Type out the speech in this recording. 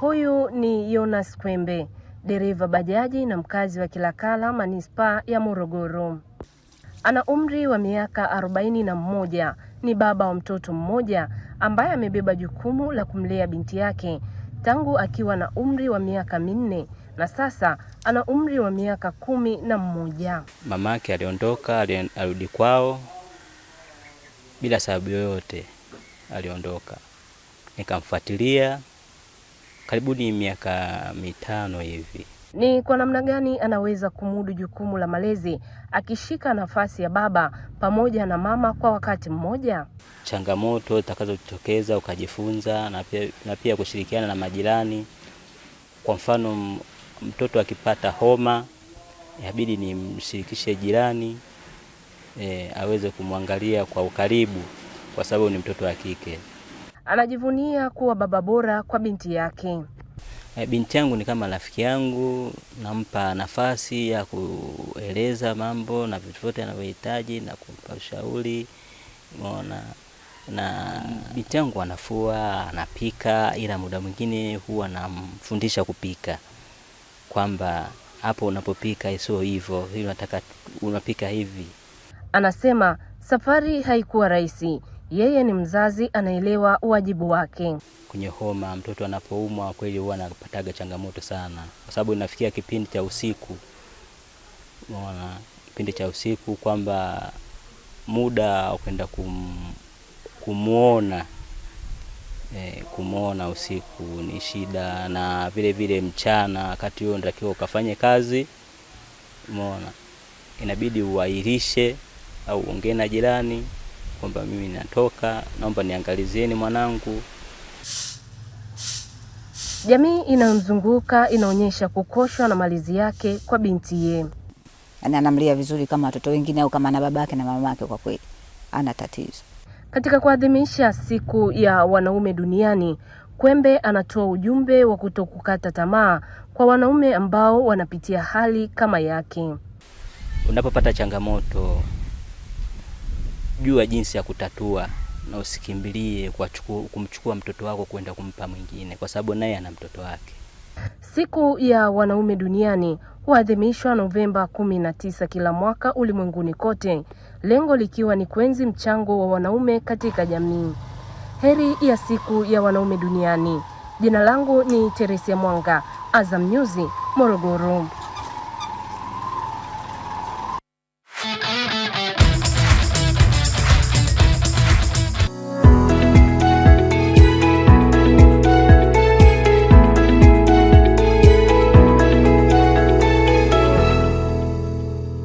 Huyu ni Jonas Kwembe, dereva bajaji na mkazi wa Kilakala, manispaa ya Morogoro. Ana umri wa miaka arobaini na mmoja, ni baba wa mtoto mmoja ambaye amebeba jukumu la kumlea binti yake tangu akiwa na umri wa miaka minne na sasa ana umri wa miaka kumi na mmoja. yake aliondoka, alirudi kwao bila sababu yoyote, aliondoka. Nikamfuatilia karibuni miaka mitano hivi. Ni kwa namna gani anaweza kumudu jukumu la malezi akishika nafasi ya baba pamoja na mama kwa wakati mmoja? Changamoto zitakazojitokeza ukajifunza, na pia, na pia kushirikiana na majirani. Kwa mfano mtoto akipata homa inabidi nimshirikishe jirani e, aweze kumwangalia kwa ukaribu kwa sababu ni mtoto wa kike anajivunia kuwa baba bora kwa binti yake. E, binti yangu ni kama rafiki yangu, nampa nafasi ya kueleza mambo na vitu vyote anavyohitaji na kumpa ushauri mona na binti yangu anafua, anapika, ila muda mwingine huwa namfundisha kupika, kwamba hapo unapopika sio hivyo, hii unataka unapika hivi. Anasema safari haikuwa rahisi, yeye ni mzazi, anaelewa wajibu wake. Kwenye homa, mtoto anapoumwa kweli huwa anapataga changamoto sana, kwa sababu inafikia kipindi cha usiku, unaona kipindi cha usiku kwamba muda wa kwenda kum, kumwona e, eh, kumwona usiku ni shida, na vile vile mchana, wakati huo natakiwa ukafanye kazi, umeona inabidi uahirishe au uongee na jirani kwamba mimi natoka, naomba niangalizieni mwanangu. Jamii inayomzunguka inaonyesha kukoshwa na malizi yake kwa binti ye, yaani anamlia vizuri kama watoto wengine au kama na babake na yake, kwa kweli ana tatizo. Katika kuadhimisha siku ya wanaume duniani, Kwembe anatoa ujumbe wa kutokukata tamaa kwa wanaume ambao wanapitia hali kama yake. Unapopata changamoto jua jinsi ya kutatua na usikimbilie kumchukua mtoto wako kwenda kumpa mwingine, kwa sababu naye ana mtoto wake. Siku ya wanaume duniani huadhimishwa Novemba 19 kila mwaka ulimwenguni kote, lengo likiwa ni kuenzi mchango wa wanaume katika jamii. Heri ya siku ya wanaume duniani. Jina langu ni Teresia Mwanga, Azam News, Morogoro.